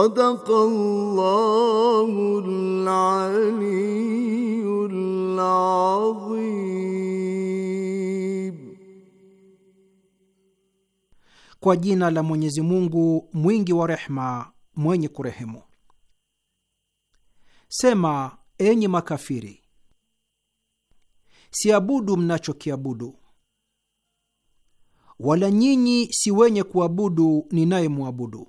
صدق الله العلي العظيم. Kwa jina la Mwenyezi Mungu mwingi wa rehema, mwenye kurehemu. Sema, enyi makafiri, siabudu mnachokiabudu, wala nyinyi si wenye kuabudu ninayemwabudu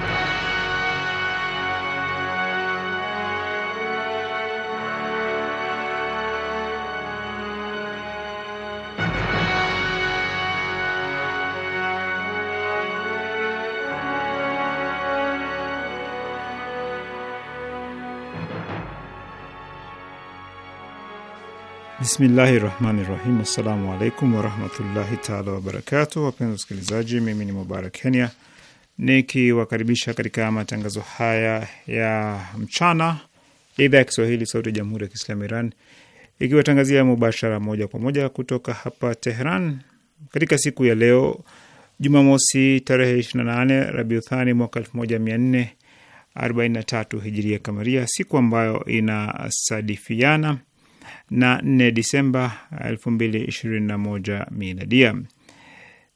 Bismillahi rahmani rahim. Assalamu alaikum warahmatullahi taala wabarakatu. Wapenzi wasikilizaji, mimi ni Mubarak Kenya nikiwakaribisha katika matangazo haya ya mchana ya idhaa ya Kiswahili sauti ya jamhuri ya Kiislamu Iran ikiwatangazia mubashara moja kwa moja kutoka hapa Tehran katika siku ya leo Jumamosi tarehe 28 Rabiuthani mwaka 1443 hijiria kamaria, siku ambayo inasadifiana na 4 Disemba 2021 miladia.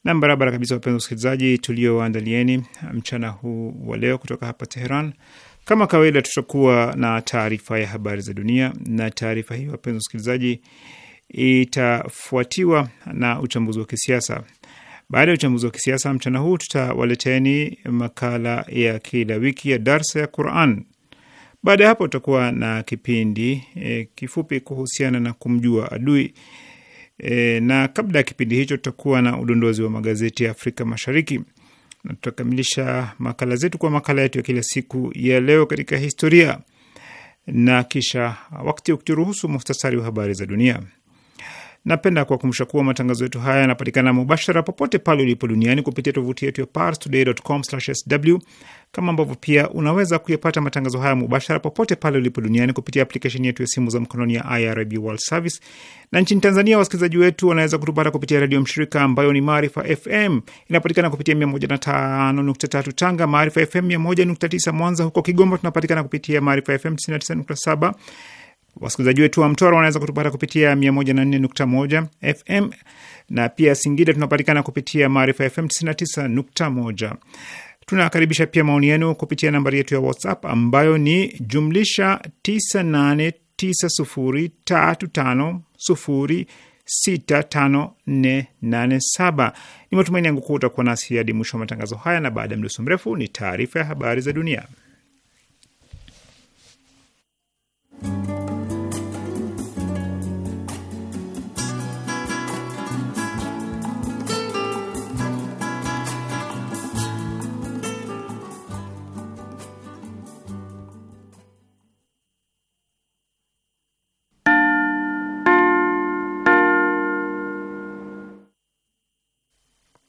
Nam barabara kabisa, wapenzi wasikilizaji, tulioandalieni mchana huu wa leo kutoka hapa Teheran. Kama kawaida, tutakuwa na taarifa ya habari za dunia, na taarifa hii wapenzi wasikilizaji, itafuatiwa na uchambuzi wa kisiasa. Baada ya uchambuzi wa kisiasa, mchana huu tutawaleteni makala ya kila wiki ya darsa ya Quran baada ya hapo utakuwa na kipindi e, kifupi kuhusiana na kumjua adui e, na kabla ya kipindi hicho tutakuwa na udondozi wa magazeti ya Afrika Mashariki na tutakamilisha makala zetu kwa makala yetu ya kila siku ya leo katika historia na kisha wakati ukituruhusu muhtasari wa habari za dunia. Napenda kuwakumbusha kuwa matangazo yetu haya yanapatikana mubashara popote pale ulipo duniani kupitia tovuti yetu ya parstoday.com/sw, kama ambavyo pia unaweza kuyapata matangazo haya mubashara popote pale ulipo duniani kupitia aplikesheni yetu ya simu za mkononi ya IRIB World Service. Na nchini Tanzania, wasikilizaji wetu wanaweza kutupata kupitia redio mshirika ambayo ni Maarifa FM, inapatikana kupitia 105.3 Tanga, Maarifa FM 101.9 Mwanza. Huko Kigoma tunapatikana kupitia Maarifa FM 99.7 Wasikilizaji wetu wa Mtwara wanaweza kutupata kupitia 104.1 FM na pia Singida tunapatikana kupitia Maarifa FM 99.1. Tunakaribisha pia maoni yenu kupitia nambari yetu ya WhatsApp ambayo ni jumlisha 989035065487. Ni matumaini yangu kuwa utakuwa nasi hadi mwisho wa matangazo haya, na baada ya mdoso mrefu ni taarifa ya habari za dunia.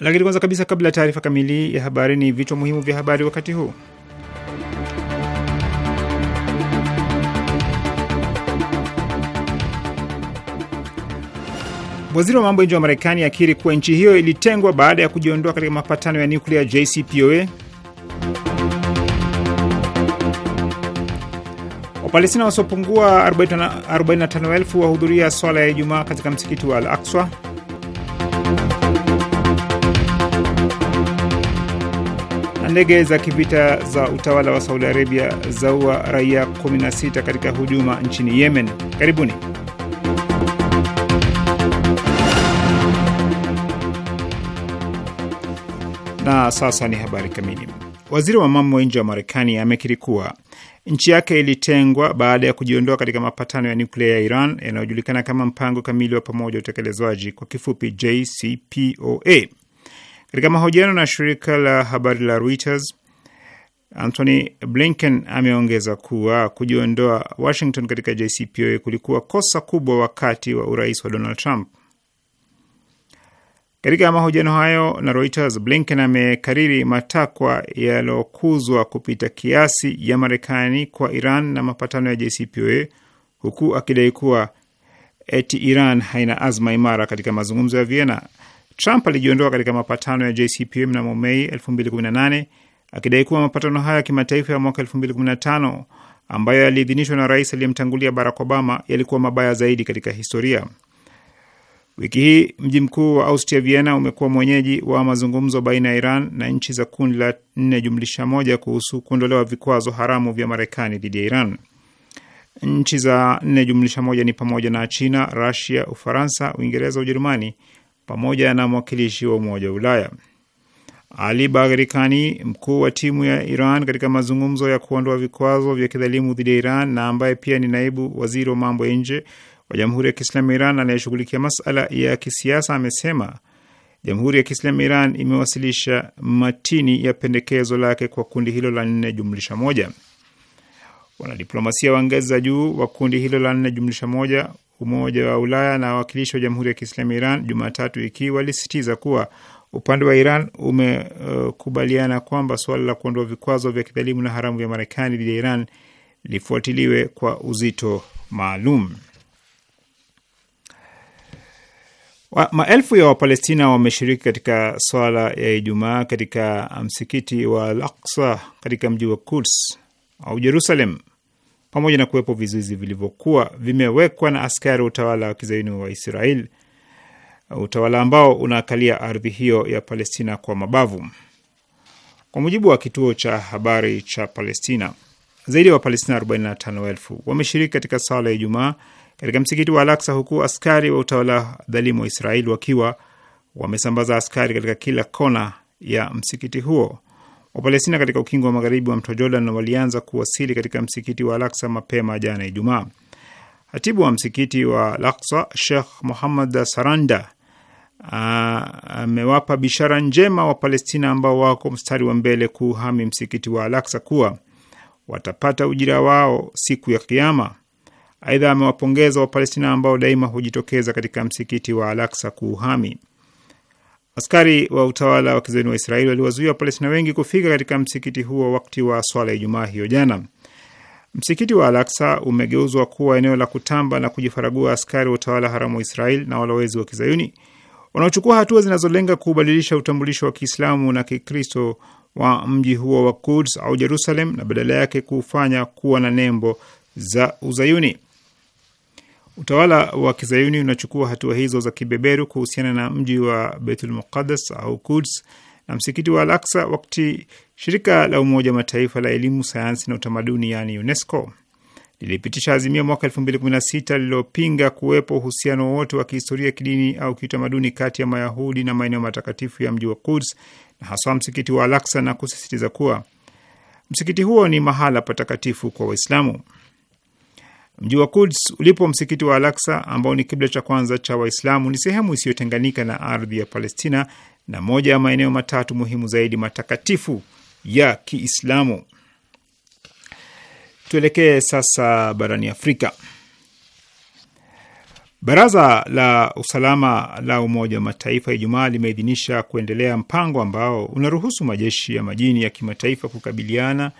Lakini kwanza kabisa, kabla ya taarifa kamili ya habari, ni vichwa muhimu vya habari wakati huu. Waziri wa mambo ya nje wa Marekani akiri kuwa nchi hiyo ilitengwa baada ya kujiondoa katika mapatano ya nyuklia JCPOA. Wapalestina wasiopungua 45,000 wahudhuria swala ya Ijumaa katika msikiti wa Al Akswa. ndege za kivita za utawala wa Saudi Arabia zaua raia 16 katika hujuma nchini Yemen. Karibuni. Na sasa ni habari kamili. Waziri wa mambo ya nje wa Marekani amekiri kuwa nchi yake ilitengwa baada ya kujiondoa katika mapatano ya nyuklia ya Iran yanayojulikana kama mpango kamili wa pamoja utekelezwaji, kwa kifupi JCPOA. Katika mahojiano na shirika la habari la Reuters, Antony Blinken ameongeza kuwa kujiondoa Washington katika JCPOA kulikuwa kosa kubwa wakati wa urais wa Donald Trump. Katika mahojiano hayo na Reuters, Blinken amekariri matakwa yaliyokuzwa kupita kiasi ya Marekani kwa Iran na mapatano ya JCPOA huku akidai kuwa eti Iran haina azma imara katika mazungumzo ya Vienna. Trump alijiondoa katika mapatano ya JCPOA mnamo Mei 2018 akidai kuwa mapatano hayo ya kimataifa ya mwaka 2015 ambayo yaliidhinishwa na rais aliyemtangulia Barack Obama yalikuwa mabaya zaidi katika historia. Wiki hii mji mkuu wa Austria, Vienna, umekuwa mwenyeji wa mazungumzo baina ya Iran na nchi za kundi la nne jumlisha moja kuhusu kuondolewa vikwazo haramu vya Marekani dhidi ya Iran. Nchi za nne jumlisha moja ni pamoja na China, Rusia, Ufaransa, Uingereza, Ujerumani pamoja na mwakilishi wa Umoja wa Ulaya. Ali Bagherikani, mkuu wa timu ya Iran katika mazungumzo ya kuondoa vikwazo vya kidhalimu dhidi ya Iran na ambaye pia ni naibu waziri wa mambo ya nje wa Jamhuri ya Kiislamu ya Iran anayeshughulikia masala ya kisiasa, amesema Jamhuri ya Kiislamu ya Iran imewasilisha matini ya pendekezo lake kwa kundi hilo la nne jumlisha moja. Wanadiplomasia wa ngazi za juu wa kundi hilo la nne jumlisha moja Umoja wa Ulaya na wawakilishi wa Jamhuri ya Kiislamu ya Iran Jumatatu wiki walisitiza kuwa upande wa Iran umekubaliana uh, kwamba suala la kuondoa vikwazo vya kidhalimu na haramu vya Marekani dhidi ya Iran lifuatiliwe kwa uzito maalum. Wa, maelfu ya Wapalestina wameshiriki katika swala ya Ijumaa katika msikiti wa Al-Aqsa katika mji wa Quds au Jerusalem pamoja na kuwepo vizuizi vilivyokuwa vimewekwa na askari wa utawala wa kizaini wa Israel, utawala ambao unaakalia ardhi hiyo ya Palestina kwa mabavu. Kwa mujibu wa kituo cha habari cha Palestina, zaidi ya wa Wapalestina 45,000 wameshiriki katika sala ya Ijumaa katika msikiti wa Al-Aqsa, huku askari wa utawala dhalimu wa israel wakiwa wamesambaza askari katika kila kona ya msikiti huo. Wapalestina katika ukingo wa magharibi wa mto Jordan walianza kuwasili katika msikiti wa Al-Aqsa mapema jana Ijumaa. Hatibu wa msikiti wa Al-Aqsa Sheikh Muhammad Saranda amewapa bishara njema Wapalestina ambao wako mstari wa mbele kuuhami msikiti wa Al-Aqsa kuwa watapata ujira wao siku ya Kiama. Aidha, amewapongeza Wapalestina ambao daima hujitokeza katika msikiti wa Al-Aqsa kuuhami. Askari wa utawala wa kizayuni wa Israeli waliwazuia Wapalestina wengi kufika katika msikiti huo wakati wa swala ya Ijumaa hiyo jana. Msikiti wa Al-Aqsa umegeuzwa kuwa eneo la kutamba na kujifaragua askari wa utawala haramu wa Israeli na walowezi wa kizayuni wanaochukua hatua zinazolenga kubadilisha utambulisho wa Kiislamu na Kikristo wa mji huo wa Kuds au Jerusalem na badala yake kufanya kuwa na nembo za uzayuni. Utawala wa kizayuni unachukua hatua hizo za kibeberu kuhusiana na mji wa Beitul Muqaddas au Kuds na msikiti wa Al-Aqsa wakati shirika la Umoja wa Mataifa la elimu, sayansi na utamaduni yani UNESCO lilipitisha azimia mwaka 2016 lililopinga kuwepo uhusiano wowote wa kihistoria, kidini au kiutamaduni kati ya Mayahudi na maeneo matakatifu ya mji wa Kuds na haswa msikiti wa Al-Aqsa na kusisitiza kuwa msikiti huo ni mahala patakatifu kwa Waislamu. Mji wa Quds ulipo msikiti wa Al-Aqsa ambao ni kibla cha kwanza cha Waislamu ni sehemu isiyotenganika na ardhi ya Palestina na moja ya maeneo matatu muhimu zaidi matakatifu ya Kiislamu. Tuelekee sasa barani Afrika. Baraza la Usalama la Umoja wa Mataifa Ijumaa limeidhinisha kuendelea mpango ambao unaruhusu majeshi ya majini ya kimataifa kukabiliana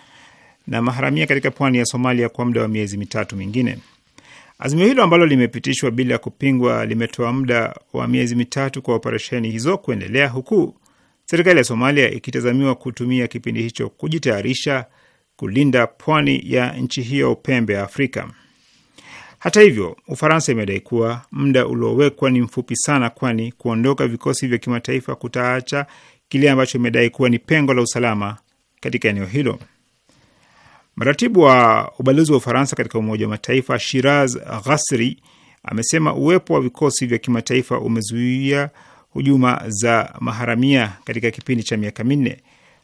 na maharamia katika pwani ya Somalia kwa muda wa miezi mitatu mingine. Azimio hilo ambalo limepitishwa bila ya kupingwa limetoa muda wa miezi mitatu kwa operesheni hizo kuendelea, huku serikali ya Somalia ikitazamiwa kutumia kipindi hicho kujitayarisha kulinda pwani ya nchi hiyo pembe ya Afrika. Hata hivyo, Ufaransa imedai kuwa muda uliowekwa ni mfupi sana, kwani kuondoka vikosi vya kimataifa kutaacha kile ambacho imedai kuwa ni pengo la usalama katika eneo hilo. Mratibu wa ubalozi wa Ufaransa katika Umoja wa Mataifa Shiraz Ghasri amesema uwepo wa vikosi vya kimataifa umezuia hujuma za maharamia katika kipindi cha miaka minne.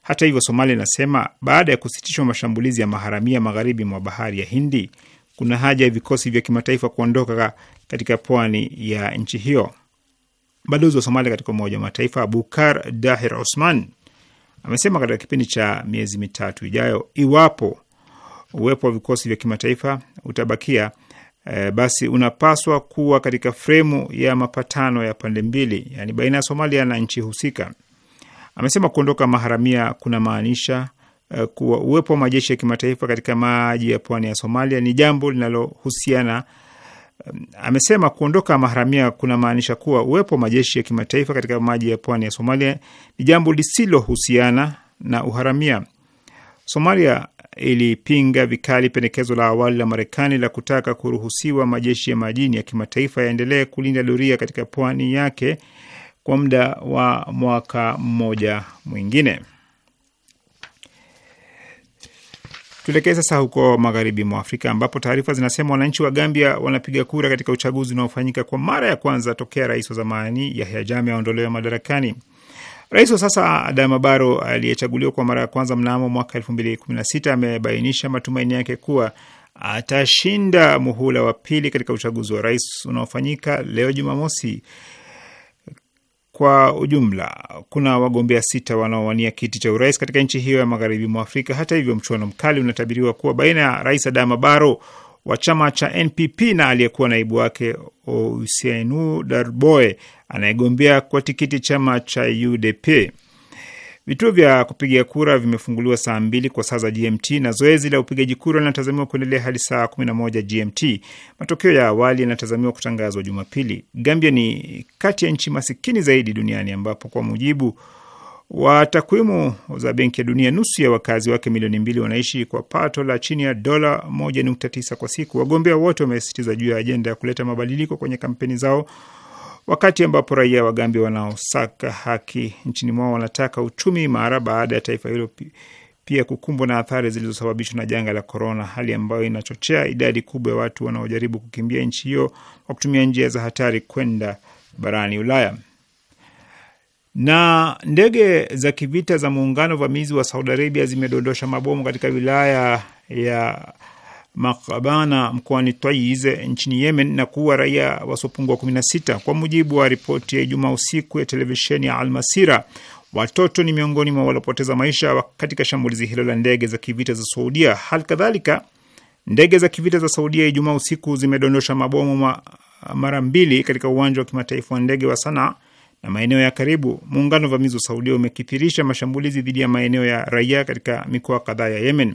Hata hivyo, Somalia inasema baada ya kusitishwa mashambulizi ya maharamia magharibi mwa bahari ya Hindi, kuna haja ya vikosi vya kimataifa kuondoka katika pwani ya nchi hiyo. Balozi wa Somalia katika Umoja wa Mataifa Bukar Dahir Osman amesema katika kipindi cha miezi mitatu ijayo, iwapo uwepo wa vikosi vya kimataifa utabakia, e, basi unapaswa kuwa katika fremu ya mapatano ya pande mbili, yani baina ya Somalia na nchi husika. Amesema kuondoka maharamia kuna maanisha e, eh, kuwa uwepo wa majeshi ya kimataifa katika maji ya pwani ya Somalia ni jambo linalohusiana eh, Amesema kuondoka maharamia kuna maanisha kuwa uwepo wa majeshi ya kimataifa katika maji ya pwani ya Somalia ni jambo lisilohusiana na uharamia. Somalia ilipinga vikali pendekezo la awali la Marekani la kutaka kuruhusiwa majeshi ya majini ya kimataifa yaendelee kulinda doria katika pwani yake kwa muda wa mwaka mmoja mwingine. Tuelekee sasa huko magharibi mwa Afrika ambapo taarifa zinasema wananchi wa Gambia wanapiga kura katika uchaguzi unaofanyika kwa mara ya kwanza tokea rais wa zamani Yahya Jammeh aondolewe madarakani. Rais wa sasa Adama Baro aliyechaguliwa kwa mara ya kwanza mnamo mwaka sita amebainisha matumaini yake kuwa atashinda muhula wa pili katika uchaguzi wa rais unaofanyika leo Jumamosi. Kwa ujumla kuna wagombea sita wanaowania kiti cha urais katika nchi hiyo ya magharibi mwa Afrika. Hata hivyo, mchuano mkali unatabiriwa kuwa baina ya rais Adama Baro wa chama cha NPP na aliyekuwa naibu wake Ousianu Darboe anayegombea kwa tikiti chama cha UDP. Vituo vya kupiga kura vimefunguliwa saa mbili kwa saa za GMT na zoezi la upigaji kura linatazamiwa kuendelea hadi saa 11 GMT. Matokeo ya awali yanatazamiwa kutangazwa Jumapili. Gambia ni kati ya nchi masikini zaidi duniani ambapo kwa mujibu wa takwimu za Benki ya Dunia, nusu ya wakazi wake milioni mbili wanaishi kwa pato la chini ya dola moja nukta tisa kwa siku. Wagombea wote wamesisitiza juu ya ajenda ya kuleta mabadiliko kwenye kampeni zao, wakati ambapo raia wa Gambia wanaosaka haki nchini mwao wanataka uchumi imara baada ya taifa hilo pia kukumbwa na athari zilizosababishwa na janga la korona, hali ambayo inachochea idadi kubwa ya watu wanaojaribu kukimbia nchi hiyo kwa kutumia njia za hatari kwenda barani Ulaya na ndege za kivita za muungano vamizi wa Saudi Arabia zimedondosha mabomu katika wilaya ya Makabana mkoani Taiz nchini Yemen na kuua raia wasiopungua 16 kwa mujibu wa ripoti ya Ijumaa usiku ya televisheni ya Almasira. Watoto ni miongoni mwa waliopoteza maisha katika shambulizi hilo la ndege za kivita za Saudia. Hali kadhalika ndege za kivita za Saudia Ijumaa usiku zimedondosha mabomu mara mbili katika uwanja wa kimataifa wa ndege wa Sanaa na maeneo ya karibu. Muungano vamizi wa Saudia umekithirisha mashambulizi dhidi ya maeneo ya raia katika mikoa kadhaa ya Yemen.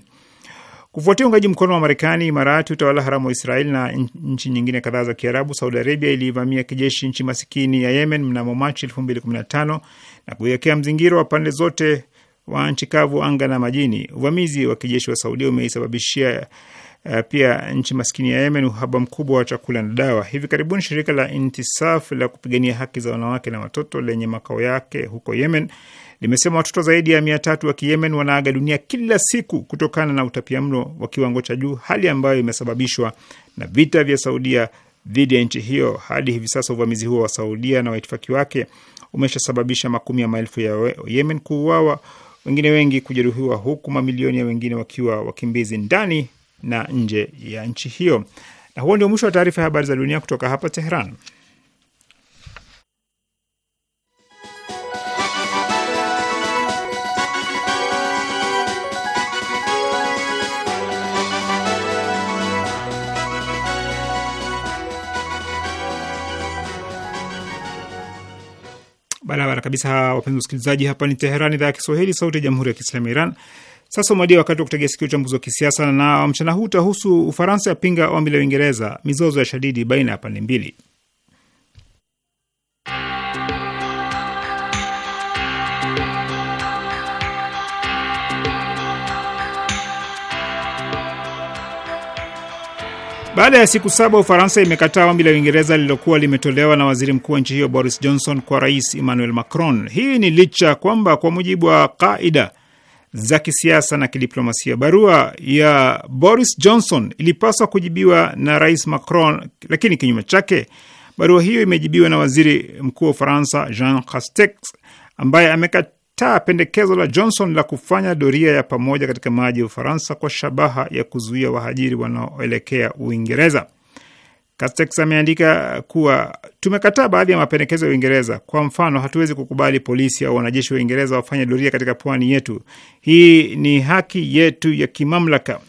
Kufuatia ungaji mkono wa Marekani, Imarati, utawala haramu wa Israeli na nchi nyingine kadhaa za Kiarabu, Saudi Arabia ilivamia kijeshi nchi masikini ya Yemen mnamo Machi 2015 na kuiwekea mzingiro wa pande zote wa nchi kavu, anga na majini. Uvamizi wa kijeshi wa Saudia umeisababishia Eh, pia nchi maskini ya Yemen uhaba mkubwa wa chakula na dawa. Hivi karibuni shirika la Intisaf la kupigania haki za wanawake na watoto lenye makao yake huko Yemen limesema watoto zaidi ya mia tatu wa Kiyemen wanaaga dunia kila siku kutokana na utapiamlo wa kiwango cha juu, hali ambayo imesababishwa na vita vya Saudia dhidi ya nchi hiyo. Hadi hivi sasa uvamizi huo wa Saudia na waitifaki wake umeshasababisha makumi ya maelfu ya Yemen kuuawa, wengine wengi kujeruhiwa, huku mamilioni ya wengine wakiwa wakimbizi ndani na nje ya nchi hiyo. Na huo ndio mwisho wa taarifa ya habari za dunia kutoka hapa Teheran. Barabara kabisa, wapenzi wasikilizaji, hapa ni Teheran, idhaa ya Kiswahili, sauti ya jamhuri ya kiislamu ya Iran. Sasa umewadia wakati wa kutegea sikio uchambuzi wa kisiasa, na mchana huu utahusu Ufaransa yapinga ombi la Uingereza, mizozo ya shadidi baina ya pande mbili. Baada ya siku saba Ufaransa imekataa ombi la Uingereza lililokuwa limetolewa na waziri mkuu wa nchi hiyo Boris Johnson kwa rais Emmanuel Macron. Hii ni licha kwamba kwa mujibu wa kaida za kisiasa na kidiplomasia. Barua ya Boris Johnson ilipaswa kujibiwa na Rais Macron, lakini kinyume chake, barua hiyo imejibiwa na Waziri Mkuu wa Ufaransa Jean Castex ambaye amekataa pendekezo la Johnson la kufanya doria ya pamoja katika maji ya Ufaransa kwa shabaha ya kuzuia wahajiri wanaoelekea Uingereza. Castex ameandika kuwa tumekataa baadhi ya mapendekezo ya Uingereza. Kwa mfano, hatuwezi kukubali polisi au wanajeshi wa Uingereza wafanye doria katika pwani yetu. Hii ni haki yetu ya kimamlaka.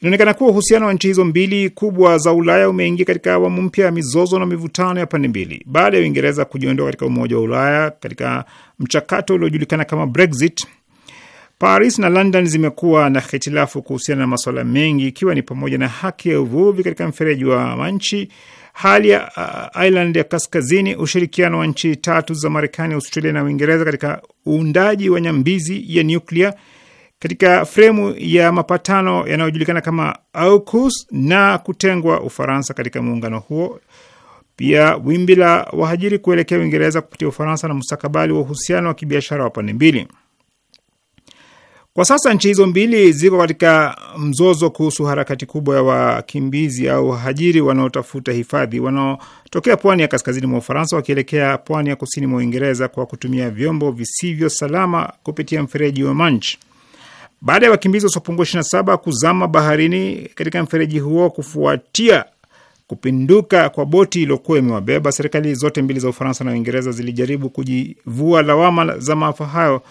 Inaonekana kuwa uhusiano wa nchi hizo mbili kubwa za Ulaya umeingia katika awamu mpya ya mizozo na mivutano ya pande mbili baada ya Uingereza kujiondoa katika Umoja wa Ulaya katika mchakato uliojulikana kama Brexit. Paris na London zimekuwa na hitilafu kuhusiana na masuala mengi, ikiwa ni pamoja na haki ya uvuvi katika mfereji wa Manchi, hali ya uh, Ireland ya kaskazini, ushirikiano wa nchi tatu za Marekani, Australia na Uingereza katika uundaji wa nyambizi ya nyuklia katika fremu ya mapatano yanayojulikana kama AUKUS na kutengwa Ufaransa katika muungano huo. Pia wimbi la wahajiri kuelekea Uingereza kupitia Ufaransa na mustakabali wa uhusiano wa kibiashara wa pande mbili. Kwa sasa nchi hizo mbili ziko katika mzozo kuhusu harakati kubwa ya wakimbizi au wahajiri wanaotafuta hifadhi wanaotokea pwani ya kaskazini mwa Ufaransa wakielekea pwani ya kusini mwa Uingereza kwa kutumia vyombo visivyo salama kupitia mfereji wa Manch. Baada ya wakimbizi wasiopungua 27 kuzama baharini katika mfereji huo kufuatia kupinduka kwa boti iliyokuwa imewabeba, serikali zote mbili za Ufaransa na Uingereza zilijaribu kujivua lawama za maafa hayo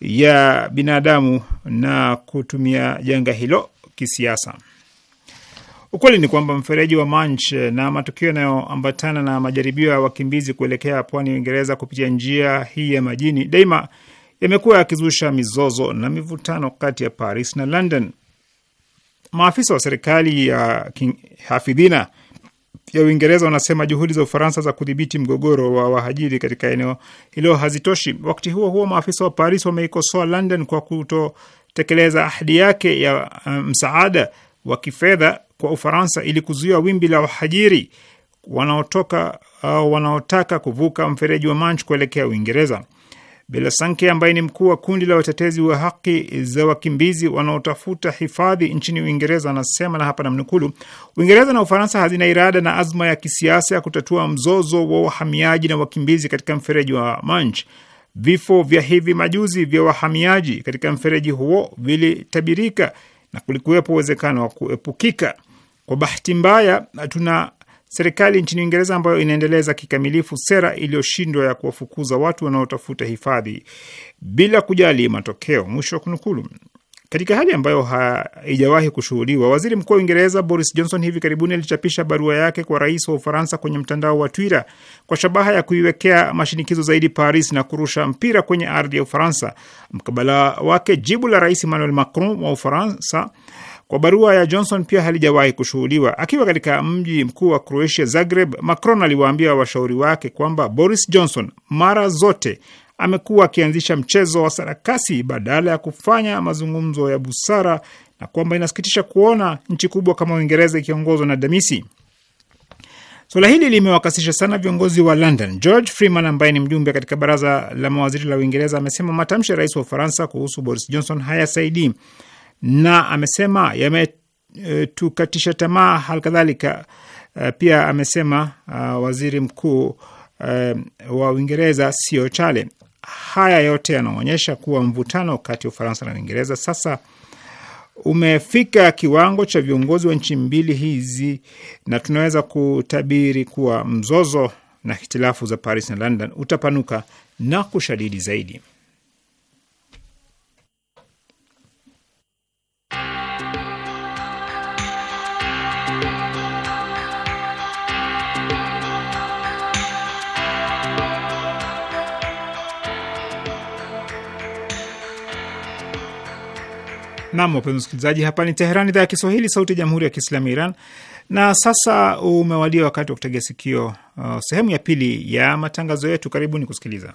ya binadamu na kutumia janga hilo kisiasa. Ukweli ni kwamba mfereji wa Manch eh, na matukio yanayoambatana na majaribio ya wakimbizi kuelekea pwani ya Uingereza kupitia njia hii ya majini daima yamekuwa yakizusha mizozo na mivutano kati ya Paris na London. Maafisa wa serikali ya hafidhina ya Uingereza wanasema juhudi za Ufaransa za kudhibiti mgogoro wa wahajiri katika eneo hilo hazitoshi. Wakati huo huo, maafisa wa Paris wameikosoa London kwa kutotekeleza ahadi yake ya um, msaada wa kifedha kwa Ufaransa ili kuzuia wimbi la wahajiri wanaotoka au uh, wanaotaka kuvuka mfereji wa Manch kuelekea Uingereza. Belasanke ambaye ni mkuu wa kundi la watetezi wa haki za wakimbizi wanaotafuta hifadhi nchini Uingereza anasema, na hapa namnukulu: Uingereza na Ufaransa hazina irada na azma ya kisiasa ya kutatua mzozo wa wahamiaji na wakimbizi katika mfereji wa Manch. Vifo vya hivi majuzi vya wahamiaji katika mfereji huo vilitabirika na kulikuwepo uwezekano wa kuepukika. Kwa bahati mbaya, tuna serikali nchini Uingereza ambayo inaendeleza kikamilifu sera iliyoshindwa ya kuwafukuza watu wanaotafuta hifadhi bila kujali matokeo. Mwisho wa kunukulu. Katika hali ambayo haijawahi kushuhudiwa, waziri mkuu wa Uingereza Boris Johnson hivi karibuni alichapisha barua yake kwa rais wa Ufaransa kwenye mtandao wa Twitter kwa shabaha ya kuiwekea mashinikizo zaidi Paris na kurusha mpira kwenye ardhi ya Ufaransa. Mkabala wake, jibu la rais Emmanuel Macron wa Ufaransa kwa barua ya Johnson pia halijawahi kushuhudiwa. Akiwa katika mji mkuu wa Croatia, Zagreb, Macron aliwaambia washauri wake kwamba Boris Johnson mara zote amekuwa akianzisha mchezo wa sarakasi badala ya kufanya mazungumzo ya busara na kwamba inasikitisha kuona nchi kubwa kama Uingereza ikiongozwa na damisi. Suala hili limewakasisha sana viongozi wa London. George Freeman ambaye ni mjumbe katika baraza la mawaziri la Uingereza amesema matamshi ya rais wa Ufaransa kuhusu Boris Johnson hayasaidii na amesema yametukatisha tamaa. Halikadhalika eh, pia amesema a, eh, waziri mkuu e, wa Uingereza sio Chale. Haya yote yanaonyesha kuwa mvutano kati ya Ufaransa na Uingereza sasa umefika kiwango cha viongozi wa nchi mbili hizi, na tunaweza kutabiri kuwa mzozo na hitilafu za Paris na London utapanuka na kushadidi zaidi. Nam, wapenzi msikilizaji, hapa ni teheran idhaa ya Kiswahili, sauti ya jamhuri ya kiislamu ya Iran. Na sasa umewadia wakati wa kutega sikio, uh, sehemu ya pili ya matangazo yetu. Karibuni kusikiliza.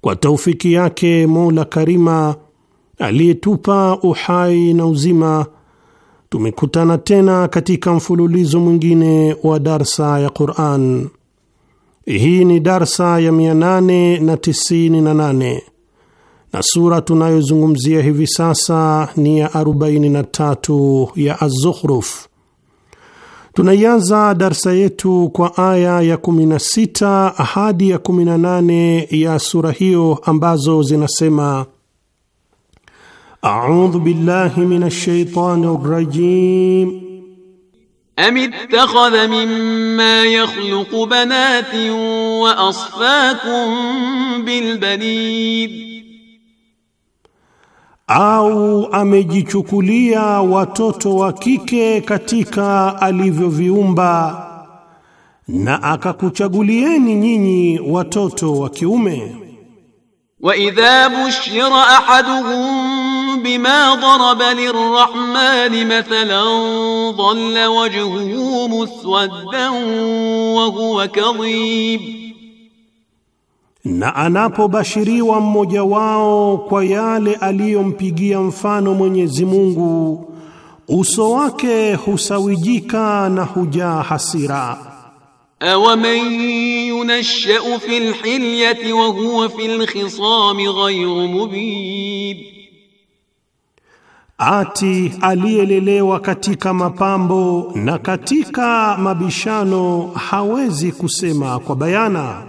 kwa taufiki yake Mola Karima aliyetupa uhai na uzima, tumekutana tena katika mfululizo mwingine wa darsa ya Quran. Hii ni darsa ya 898 na sura tunayozungumzia hivi sasa ni ya 43 ya Az-Zukhruf. Tunaianza darsa yetu kwa aya ya 16 hadi ya 18 ya sura hiyo ambazo zinasema: audhu billahi minash shaitani rajim am ittakhadha mimma yakhluqu banatin wa asfakum bil au amejichukulia watoto wa kike katika alivyoviumba na akakuchagulieni nyinyi watoto wa kiume. wa idha bushira ahaduhum bima daraba lirrahman mathalan dhalla wajhuhu muswaddan wa huwa kadhib na anapobashiriwa mmoja wao kwa yale aliyompigia mfano Mwenyezi Mungu, uso wake husawijika na hujaa hasira. man yunashau fi hilyati wa huwa fi khisami ghayru mubin, ati aliyelelewa katika mapambo na katika mabishano hawezi kusema kwa bayana.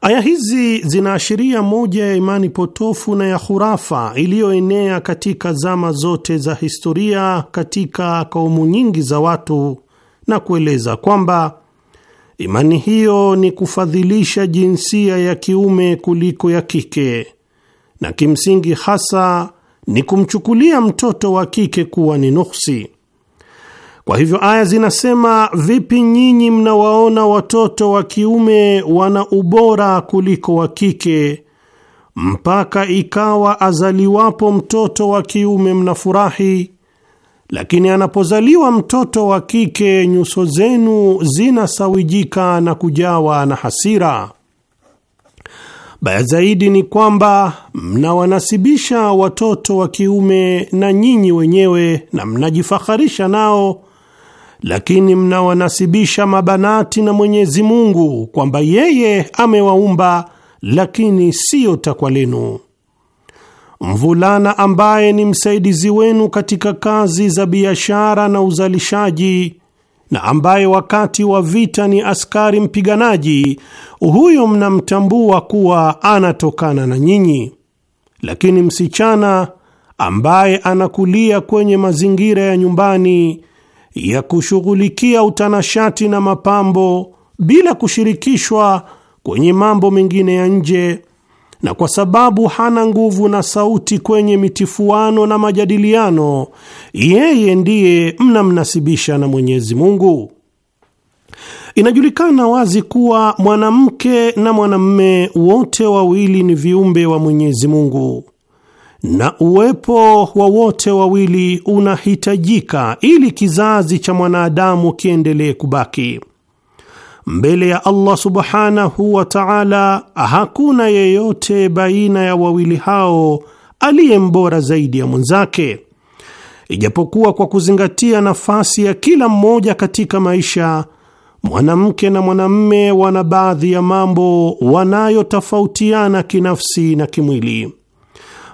Aya hizi zinaashiria moja ya imani potofu na ya hurafa iliyoenea katika zama zote za historia katika kaumu nyingi za watu na kueleza kwamba imani hiyo ni kufadhilisha jinsia ya kiume kuliko ya kike, na kimsingi hasa ni kumchukulia mtoto wa kike kuwa ni nuksi. Kwa hivyo aya zinasema vipi, nyinyi mnawaona watoto wa kiume wana ubora kuliko wa kike, mpaka ikawa azaliwapo mtoto wa kiume mnafurahi, lakini anapozaliwa mtoto wa kike nyuso zenu zinasawijika na kujawa na hasira. Baya zaidi ni kwamba mnawanasibisha watoto wa kiume na nyinyi wenyewe na mnajifaharisha nao lakini mnawanasibisha mabanati na Mwenyezi Mungu kwamba yeye amewaumba, lakini siyo takwa lenu. Mvulana ambaye ni msaidizi wenu katika kazi za biashara na uzalishaji na ambaye wakati wa vita ni askari mpiganaji, huyo mnamtambua kuwa anatokana na nyinyi. Lakini msichana ambaye anakulia kwenye mazingira ya nyumbani ya kushughulikia utanashati na mapambo bila kushirikishwa kwenye mambo mengine ya nje, na kwa sababu hana nguvu na sauti kwenye mitifuano na majadiliano, yeye ndiye mnamnasibisha na Mwenyezi Mungu. Inajulikana wazi kuwa mwanamke na mwanamme wote wawili ni viumbe wa Mwenyezi Mungu na uwepo wa wote wawili unahitajika ili kizazi cha mwanadamu kiendelee kubaki mbele ya Allah subhanahu wa ta'ala. Hakuna yeyote baina ya wawili hao aliye mbora zaidi ya mwenzake, ijapokuwa kwa kuzingatia nafasi ya kila mmoja katika maisha, mwanamke na mwanamme wana baadhi ya mambo wanayotofautiana kinafsi na kimwili.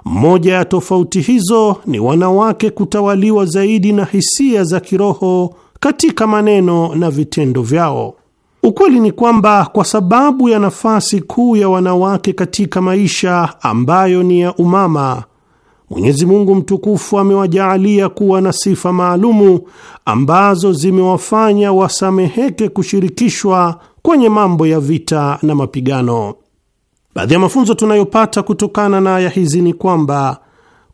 Moja ya tofauti hizo ni wanawake kutawaliwa zaidi na hisia za kiroho katika maneno na vitendo vyao. Ukweli ni kwamba kwa sababu ya nafasi kuu ya wanawake katika maisha ambayo ni ya umama, Mwenyezi Mungu mtukufu amewajaalia kuwa na sifa maalumu ambazo zimewafanya wasameheke kushirikishwa kwenye mambo ya vita na mapigano. Baadhi ya mafunzo tunayopata kutokana na aya hizi ni kwamba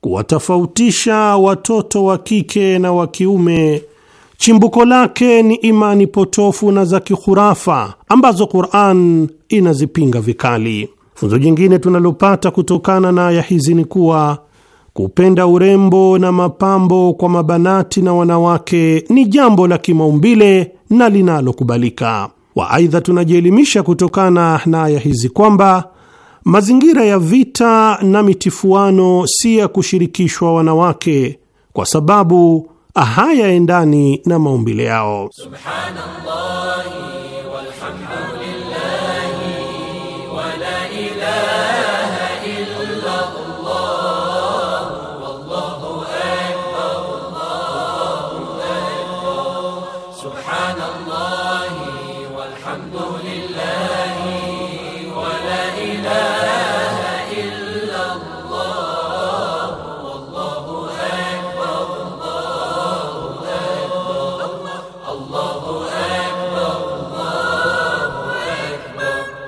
kuwatofautisha watoto wa kike na wa kiume chimbuko lake ni imani potofu na za kihurafa ambazo Qur'an inazipinga vikali. Funzo jingine tunalopata kutokana na aya hizi ni kuwa kupenda urembo na mapambo kwa mabanati na wanawake ni jambo la kimaumbile na linalokubalika. Waaidha, tunajielimisha kutokana na aya hizi kwamba Mazingira ya vita na mitifuano si ya kushirikishwa wanawake kwa sababu hayaendani na maumbile yao. Subhanallah.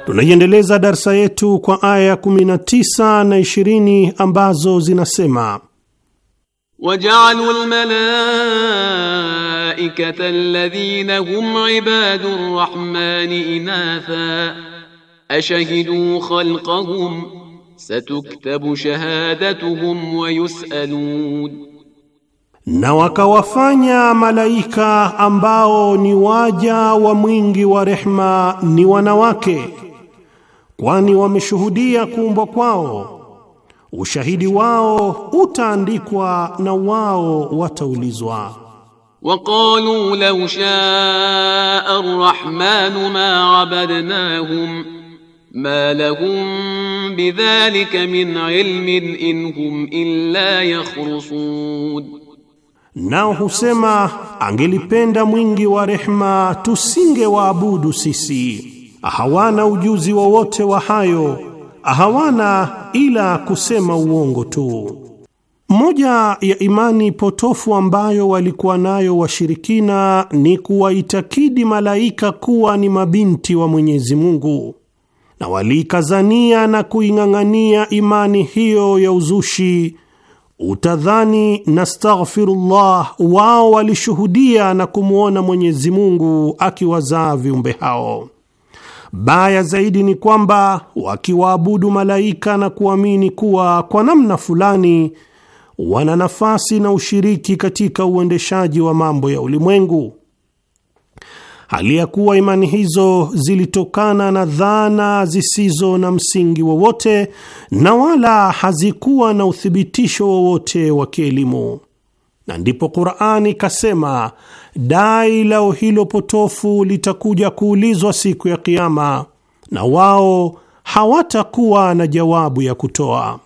Tunaiendeleza darsa yetu kwa aya 19 na 20 ambazo zinasema: wajaalu almalaikata alladhina hum ibadu rrahmani inatha ashhadu khalqahum satuktabu shahadatuhum wa yusalun na wakawafanya malaika ambao ni waja wa mwingi wa rehma ni wanawake kwani wameshuhudia kuumbwa kwao, ushahidi wao utaandikwa na wao wataulizwa. Waqalu law shaa ar-rahman ma abadnahum ma lahum bidhalika min ilmin in hum illa yakhrusun, nao husema angelipenda mwingi wa rehma tusingewaabudu sisi hawana ujuzi wowote wa, hayo, hawana ila kusema uongo tu. Moja ya imani potofu ambayo walikuwa nayo washirikina ni kuwaitakidi malaika kuwa ni mabinti wa Mwenyezi Mungu, na waliikazania na kuing'ang'ania imani hiyo ya uzushi, utadhani nastaghfirullah, wao walishuhudia na kumwona Mwenyezi Mungu akiwazaa viumbe hao. Baya zaidi ni kwamba wakiwaabudu malaika na kuamini kuwa kwa namna fulani wana nafasi na ushiriki katika uendeshaji wa mambo ya ulimwengu, hali ya kuwa imani hizo zilitokana na dhana zisizo na msingi wowote wa na wala hazikuwa na uthibitisho wowote wa, wa kielimu na ndipo Qur'ani ikasema dai lao hilo potofu litakuja kuulizwa siku ya Kiyama, na wao hawatakuwa na jawabu ya kutoa.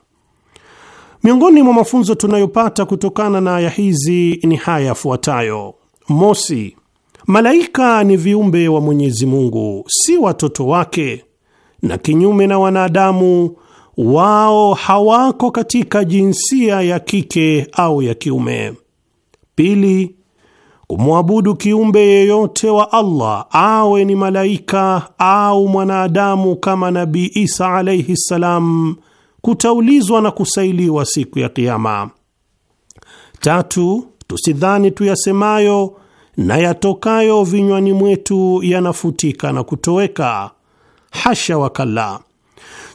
Miongoni mwa mafunzo tunayopata kutokana na aya hizi ni haya yafuatayo: mosi, malaika ni viumbe wa Mwenyezi Mungu, si watoto wake, na kinyume na wanadamu wao hawako katika jinsia ya kike au ya kiume. Pili, kumwabudu kiumbe yeyote wa Allah awe ni malaika au mwanadamu kama Nabii Isa alaihi ssalam kutaulizwa na kusailiwa siku ya Kiama. Tatu, tusidhani tuyasemayo na yatokayo vinywani mwetu yanafutika na kutoweka. Hasha wakala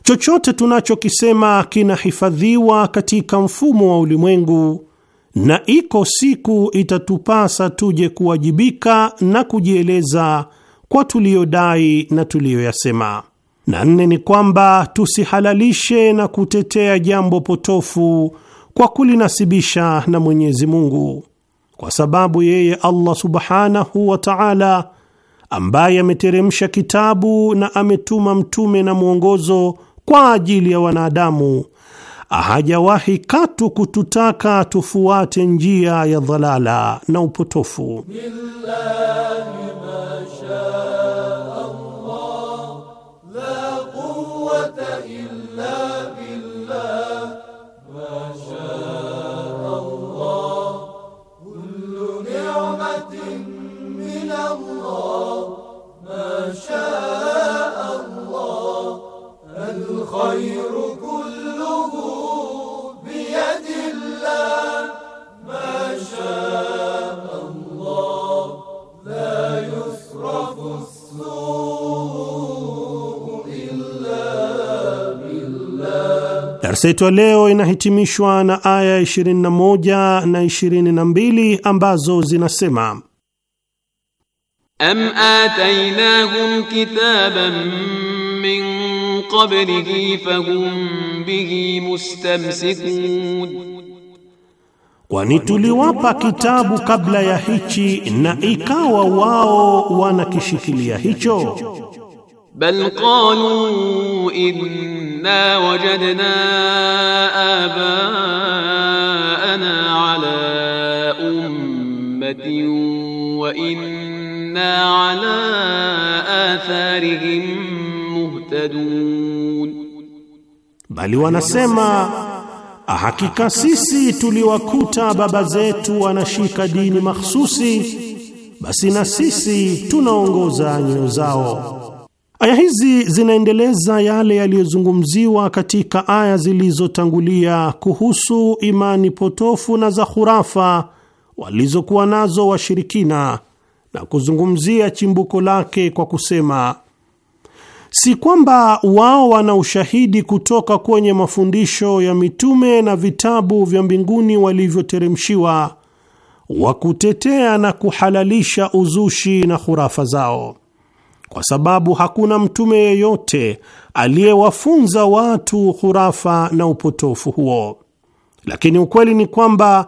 chochote tunachokisema kinahifadhiwa katika mfumo wa ulimwengu na iko siku itatupasa tuje kuwajibika na kujieleza kwa tuliyodai na tuliyoyasema. Na nne ni kwamba tusihalalishe na kutetea jambo potofu kwa kulinasibisha na Mwenyezi Mungu, kwa sababu yeye Allah subhanahu wa ta'ala, ambaye ameteremsha kitabu na ametuma mtume na mwongozo kwa ajili ya wanadamu hajawahi katu kututaka tufuate njia ya dhalala na upotofu. Darsa yetu ya leo inahitimishwa na aya 21 na 22 ambazo zinasema: am atainahum kitaban min qablihi fahum bihi mustamsikun, kwani tuliwapa kitabu kabla ya hichi na ikawa wao wanakishikilia hicho. bal qalu in inna wajadna abaana ala ummatin wa inna ala atharihim muhtadun, bali wanasema hakika sisi tuliwakuta baba zetu wanashika dini mahsusi, basi na sisi tunaongoza nyayo zao. Aya hizi zinaendeleza yale yaliyozungumziwa katika aya zilizotangulia kuhusu imani potofu na za khurafa walizokuwa nazo washirikina na kuzungumzia chimbuko lake kwa kusema si kwamba wao wana ushahidi kutoka kwenye mafundisho ya mitume na vitabu vya mbinguni walivyoteremshiwa wa kutetea na kuhalalisha uzushi na khurafa zao kwa sababu hakuna mtume yeyote aliyewafunza watu hurafa na upotofu huo. Lakini ukweli ni kwamba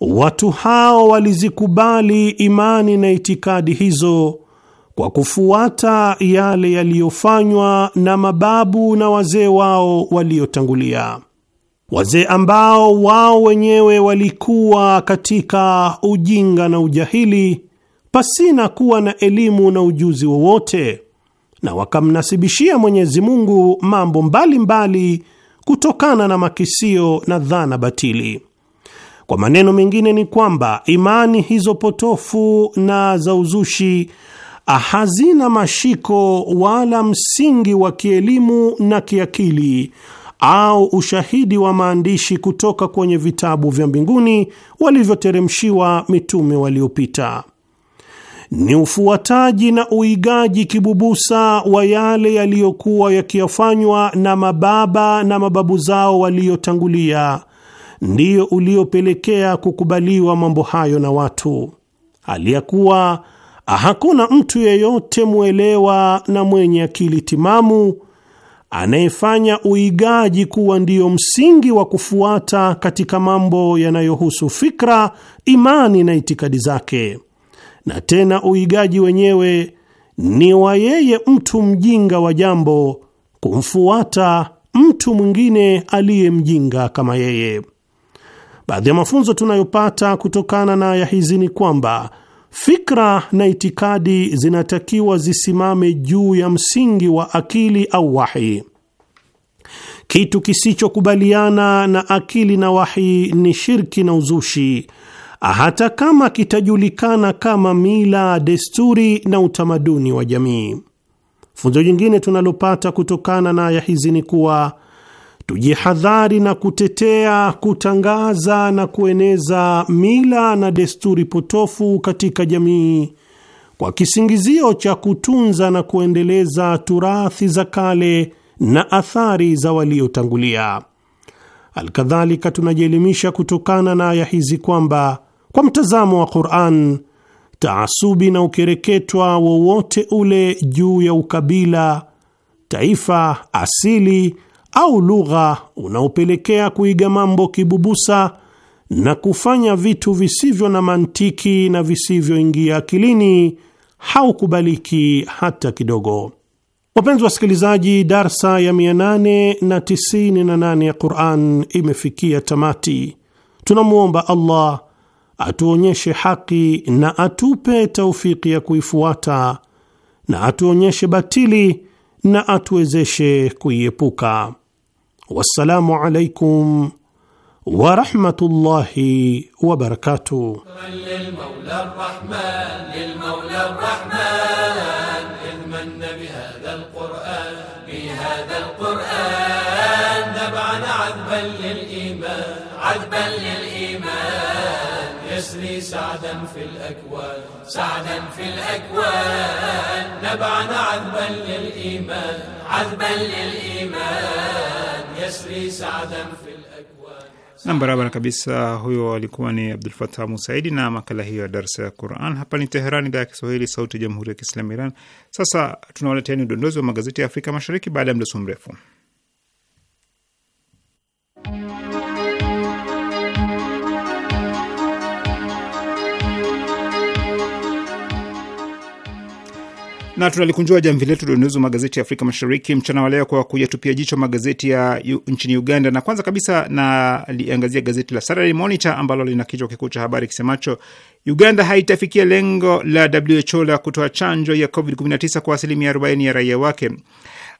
watu hao walizikubali imani na itikadi hizo kwa kufuata yale yaliyofanywa na mababu na wazee wao waliotangulia, wazee ambao wao wenyewe walikuwa katika ujinga na ujahili pasina kuwa na elimu na ujuzi wowote, na wakamnasibishia Mwenyezi Mungu mambo mbalimbali mbali kutokana na makisio na dhana batili. Kwa maneno mengine ni kwamba imani hizo potofu na za uzushi hazina mashiko wala msingi wa kielimu na kiakili au ushahidi wa maandishi kutoka kwenye vitabu vya mbinguni walivyoteremshiwa mitume waliopita ni ufuataji na uigaji kibubusa wa yale yaliyokuwa yakiyafanywa na mababa na mababu zao waliotangulia, ndiyo uliopelekea kukubaliwa mambo hayo na watu, hali ya kuwa hakuna mtu yeyote mwelewa na mwenye akili timamu anayefanya uigaji kuwa ndiyo msingi wa kufuata katika mambo yanayohusu fikra, imani na itikadi zake na tena uigaji wenyewe ni wa yeye mtu mjinga wa jambo kumfuata mtu mwingine aliye mjinga kama yeye. Baadhi ya mafunzo tunayopata kutokana na aya hizi ni kwamba fikra na itikadi zinatakiwa zisimame juu ya msingi wa akili au wahi. Kitu kisichokubaliana na akili na wahi ni shirki na uzushi hata kama kitajulikana kama mila, desturi na utamaduni wa jamii. Funzo jingine tunalopata kutokana na aya hizi ni kuwa tujihadhari na kutetea, kutangaza na kueneza mila na desturi potofu katika jamii kwa kisingizio cha kutunza na kuendeleza turathi za kale na athari za waliotangulia. Alkadhalika, tunajielimisha kutokana na aya hizi kwamba kwa mtazamo wa Qur'an, taasubi na ukereketwa wowote ule juu ya ukabila, taifa, asili au lugha unaopelekea kuiga mambo kibubusa na kufanya vitu visivyo na mantiki na visivyoingia akilini haukubaliki hata kidogo. Wapenzi wasikilizaji, darsa ya 898 ya Qur'an imefikia tamati. Tunamwomba Allah atuonyeshe haki na atupe taufiki ya kuifuata na atuonyeshe batili na atuwezeshe kuiepuka. Wassalamu alaikum warahmatullahi wabarakatuh. بهذا القرآن عذبا للإيمان يسري سعدا في الأكوان سعدا في الأكوان نبعنا عذبا للإيمان عذبا للإيمان يسري سعدا في nam barabara kabisa. Huyo alikuwa ni Abdul Fatah Musaidi na makala hiyo ya darsa ya Quran. Hapa ni Teheran, idhaa ya Kiswahili, sauti ya jamhuri ya kiislamu Iran. Sasa ni udondozi wa magazeti ya Afrika Mashariki baada ya mdoso mrefu. na tunalikunjua jamvi letu donuzi magazeti ya Afrika Mashariki mchana wa leo kwa kuyatupia jicho magazeti ya yu, nchini Uganda, na kwanza kabisa na liangazia gazeti la Saturday Monitor ambalo lina kichwa kikuu cha habari kisemacho Uganda haitafikia lengo la WHO la kutoa chanjo ya COVID-19 kwa asilimia 40 ya raia wake.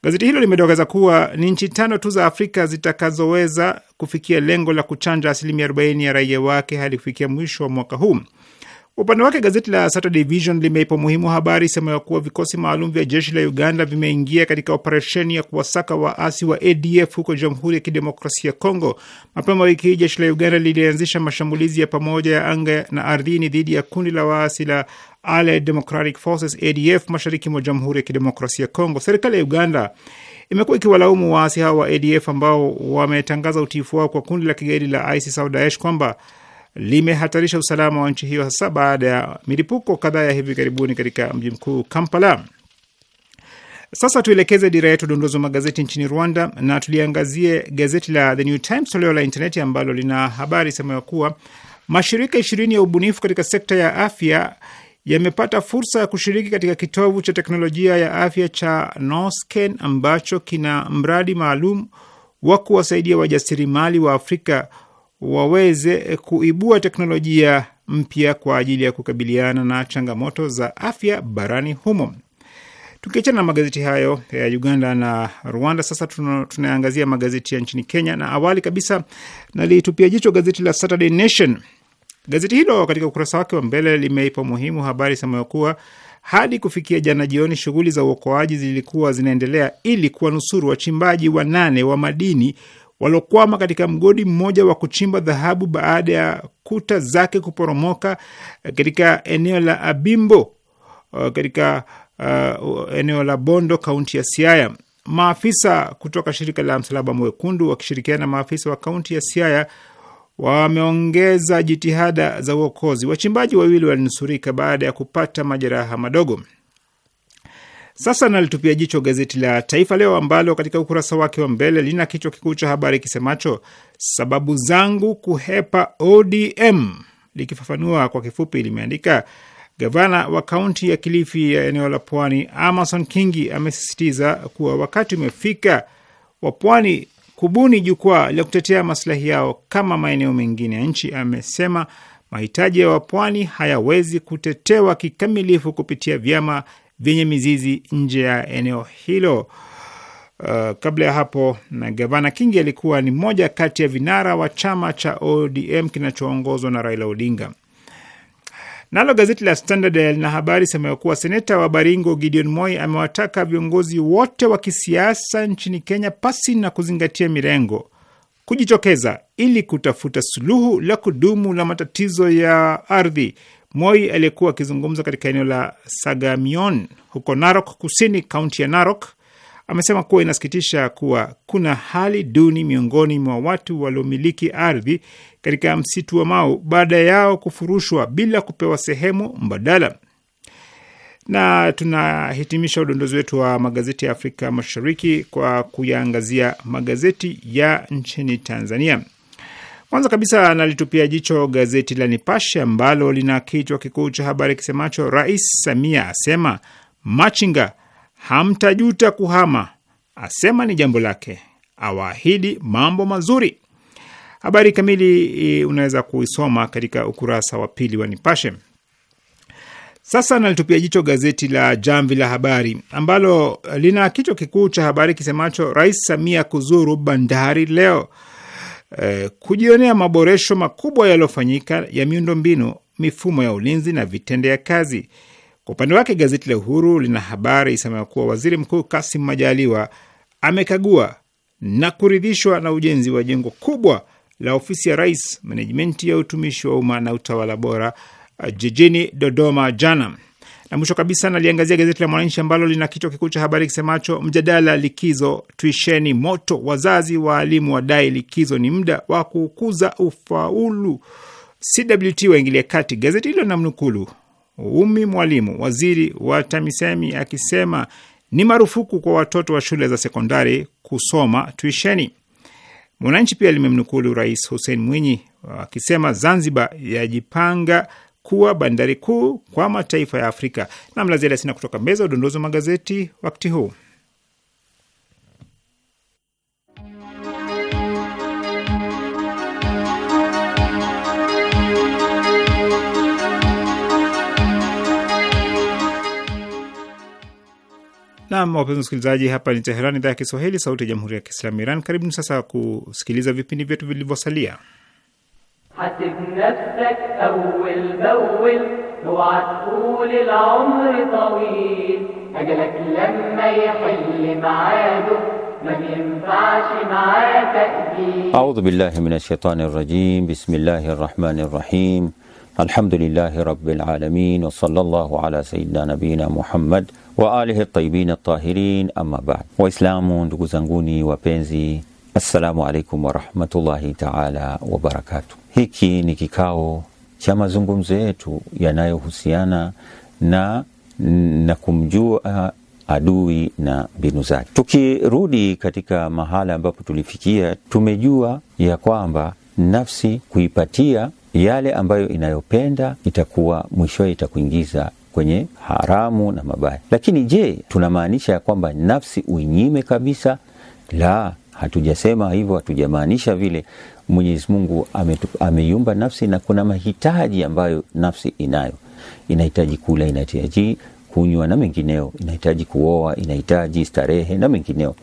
Gazeti hilo limedokeza kuwa ni nchi tano tu za Afrika zitakazoweza kufikia lengo la kuchanja asilimia 40 ya raia wake hadi kufikia mwisho wa mwaka huu. Kwa upande wake gazeti la Saturday Vision limeipa muhimu habari ya kuwa vikosi maalum vya jeshi la Uganda vimeingia katika operesheni ya kuwasaka waasi wa ADF huko Jamhuri ya Kidemokrasia ya Kongo. Mapema wiki hii jeshi la Uganda lilianzisha mashambulizi ya pamoja ya anga na ardhini dhidi ya kundi la waasi la Allied Democratic Forces ADF mashariki mwa Jamhuri ya Kidemokrasia ya Kongo. Serikali ya Uganda imekuwa ikiwalaumu waasi hao wa ADF ambao wametangaza utiifu wao kwa kundi la kigaidi la ISIS au Daesh kwamba limehatarisha usalama wa nchi hiyo hasa baada ya milipuko kadhaa ya hivi karibuni katika mji mkuu Kampala. Sasa tuelekeze dira yetu dondozi wa magazeti nchini Rwanda, na tuliangazie gazeti la The New Times toleo la intaneti ambalo lina habari ya kuwa mashirika ishirini ya ubunifu katika sekta ya afya yamepata fursa ya kushiriki katika kitovu cha teknolojia ya afya cha Nosken ambacho kina mradi maalum wa kuwasaidia wajasiriamali wa Afrika waweze kuibua teknolojia mpya kwa ajili ya kukabiliana na changamoto za afya barani humo. Tukiachana na magazeti hayo ya Uganda na Rwanda, sasa tunaangazia magazeti ya nchini Kenya, na awali kabisa nalitupia jicho gazeti la Saturday Nation. Gazeti hilo katika ukurasa wake wa mbele limeipa umuhimu habari semayo kuwa hadi kufikia jana jioni, shughuli za uokoaji zilikuwa zinaendelea ili kuwanusuru wachimbaji wanane wa madini waliokwama katika mgodi mmoja wa kuchimba dhahabu baada ya kuta zake kuporomoka eh, katika eneo la Abimbo eh, katika uh, eneo la Bondo, kaunti ya Siaya. Maafisa kutoka shirika la Msalaba Mwekundu wakishirikiana na maafisa wa kaunti ya Siaya wameongeza jitihada za uokozi. Wachimbaji wawili walinusurika baada ya kupata majeraha madogo. Sasa nalitupia jicho gazeti la Taifa Leo ambalo katika ukurasa wake wa mbele lina kichwa kikuu cha habari kisemacho sababu zangu kuhepa ODM. Likifafanua kwa kifupi, limeandika gavana wa kaunti ya Kilifi ya eneo la Pwani Amason Kingi amesisitiza kuwa wakati umefika wa Pwani kubuni jukwaa la kutetea maslahi yao kama maeneo mengine ya nchi. Amesema mahitaji ya Wapwani hayawezi kutetewa kikamilifu kupitia vyama vyenye mizizi nje ya eneo hilo. Uh, kabla ya hapo na gavana Kingi alikuwa ni mmoja kati ya vinara wa chama cha ODM kinachoongozwa na Raila Odinga. Nalo gazeti la Standard lina habari semayo kuwa seneta wa Baringo Gideon Moi amewataka viongozi wote wa kisiasa nchini Kenya, pasi na kuzingatia mirengo, kujitokeza ili kutafuta suluhu la kudumu la matatizo ya ardhi Moi aliyekuwa akizungumza katika eneo la Sagamion huko Narok Kusini, kaunti ya Narok, amesema kuwa inasikitisha kuwa kuna hali duni miongoni mwa watu waliomiliki ardhi katika msitu wa Mau baada yao kufurushwa bila kupewa sehemu mbadala. Na tunahitimisha udondozi wetu wa magazeti ya Afrika Mashariki kwa kuyaangazia magazeti ya nchini Tanzania. Kwanza kabisa analitupia jicho gazeti la Nipashe ambalo lina kichwa kikuu cha habari kisemacho Rais Samia asema machinga hamtajuta kuhama, asema ni jambo lake, awaahidi mambo mazuri. Habari kamili e, unaweza kuisoma katika ukurasa wa pili wa Nipashe. Sasa nalitupia jicho gazeti la Jamvi la Habari ambalo lina kichwa kikuu cha habari kisemacho Rais Samia kuzuru bandari leo eh, kujionea maboresho makubwa yaliyofanyika ya miundombinu, mifumo ya ulinzi na vitendea kazi. Kwa upande wake gazeti la Uhuru lina habari isemayo kuwa waziri mkuu Kasim Majaliwa amekagua na kuridhishwa na ujenzi wa jengo kubwa la ofisi ya rais, menejimenti ya utumishi wa umma na utawala bora eh, jijini Dodoma jana. Na mwisho kabisa naliangazia gazeti la Mwananchi ambalo lina kichwa kikuu cha habari kisemacho mjadala likizo tuisheni moto, wazazi waalimu wadai likizo ni muda wa kukuza ufaulu, CWT waingilia kati. Gazeti hilo namnukulu Umi Mwalimu, waziri wa TAMISEMI akisema ni marufuku kwa watoto wa shule za sekondari kusoma tuisheni. Mwananchi pia limemnukulu Rais Hussein Mwinyi akisema Zanzibar yajipanga kuwa bandari kuu kwa mataifa ya Afrika. Na mla sina kutoka meza udondozi wa magazeti wakati huu. Nam, wapenzi wasikilizaji, hapa ni Teheran, idhaa ya Kiswahili, sauti ya jamhuri ya kiislamu Iran. Karibuni sasa kusikiliza vipindi vyetu vilivyosalia. حاسب نفسك أول بأول اوعى تقول العمر طويل أجلك لما يحل معاده ما بينفعش معاه أعوذ بالله من الشيطان الرجيم بسم الله الرحمن الرحيم الحمد لله رب العالمين وصلى الله على سيدنا نبينا محمد وآله الطيبين الطاهرين أما بعد وإسلام Waislamu ndugu Assalamu alaikum warahmatullahi taala wabarakatu. Hiki ni kikao cha mazungumzo yetu yanayohusiana na, na kumjua adui na mbinu zake. Tukirudi katika mahala ambapo tulifikia, tumejua ya kwamba nafsi kuipatia yale ambayo inayopenda itakuwa mwishowe itakuingiza kwenye haramu na mabaya. Lakini je, tunamaanisha ya kwamba nafsi uinyime kabisa? La, Hatujasema hivyo, hatujamaanisha vile. Mwenyezi Mungu ameiumba nafsi na kuna mahitaji ambayo nafsi inayo, inahitaji kula, inahitaji kunywa na mengineo, inahitaji kuoa, inahitaji starehe na mengineo,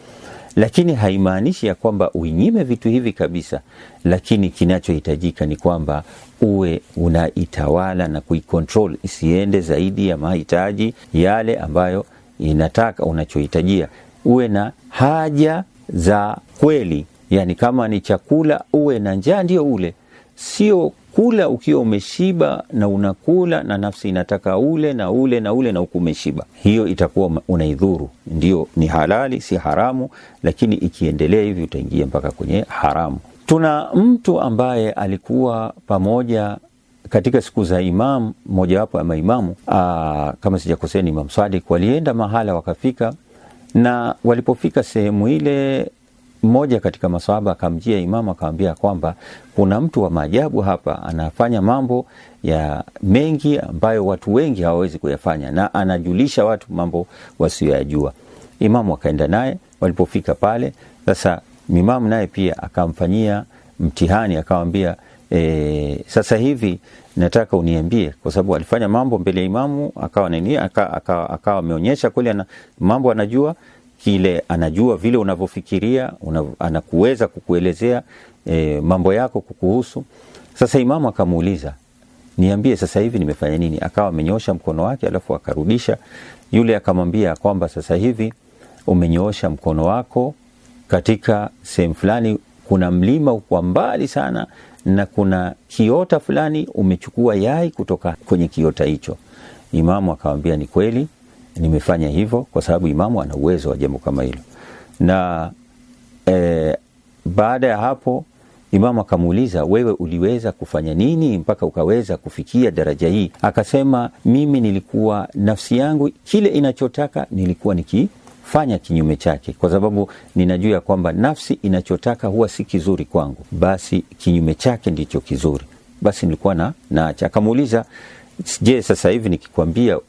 lakini haimaanishi ya kwamba uinyime vitu hivi kabisa, lakini kinachohitajika ni kwamba uwe unaitawala na kuikontrol isiende zaidi ya mahitaji yale ambayo inataka unachohitajia, uwe na haja za kweli, yani kama ni chakula uwe na njaa ndio ule, sio kula ukiwa umeshiba na unakula na nafsi inataka ule na ule na ule na huku umeshiba, hiyo itakuwa unaidhuru. Ndio ni halali, si haramu, lakini ikiendelea hivi utaingia mpaka kwenye haramu. Tuna mtu ambaye alikuwa pamoja katika siku za Imam, mojawapo ya maimamu aa, kama sijakosea ni Imam Sadik, walienda mahala wakafika, na walipofika sehemu ile mmoja katika maswahaba akamjia Imamu akamwambia kwamba kuna mtu wa maajabu hapa, anafanya mambo ya mengi ambayo watu wengi hawawezi kuyafanya, na anajulisha watu mambo wasiyoyajua. Imamu akaenda naye, walipofika pale sasa, Imamu naye pia akamfanyia mtihani, akamwambia e, sasa hivi nataka uniambie, kwa sababu alifanya mambo mbele ya Imamu akawa nini, akawa ameonyesha kweli mambo anajua kile anajua vile unavyofikiria una, anakuweza kukuelezea e, mambo yako kukuhusu. Sasa imamu akamuuliza, niambie sasa hivi nimefanya nini? Akawa amenyoosha mkono wake, alafu akarudisha. Yule akamwambia kwamba sasa hivi umenyoosha mkono wako katika sehemu fulani, kuna mlima kwa mbali sana, na kuna kiota fulani, umechukua yai kutoka kwenye kiota hicho. Imamu akamwambia, ni kweli nimefanya hivyo kwa sababu imamu ana uwezo wa jambo kama hilo. Na e, baada ya hapo imamu akamuuliza, wewe uliweza kufanya nini mpaka ukaweza kufikia daraja hii? Akasema, mimi nilikuwa nafsi yangu kile inachotaka nilikuwa niki fanya kinyume chake, kwa sababu ninajua ya kwamba nafsi inachotaka huwa si kizuri kwangu, basi kinyume chake ndicho kizuri. Basi nilikuwa na naacha. Akamuuliza, je, sasa hivi nikikwambia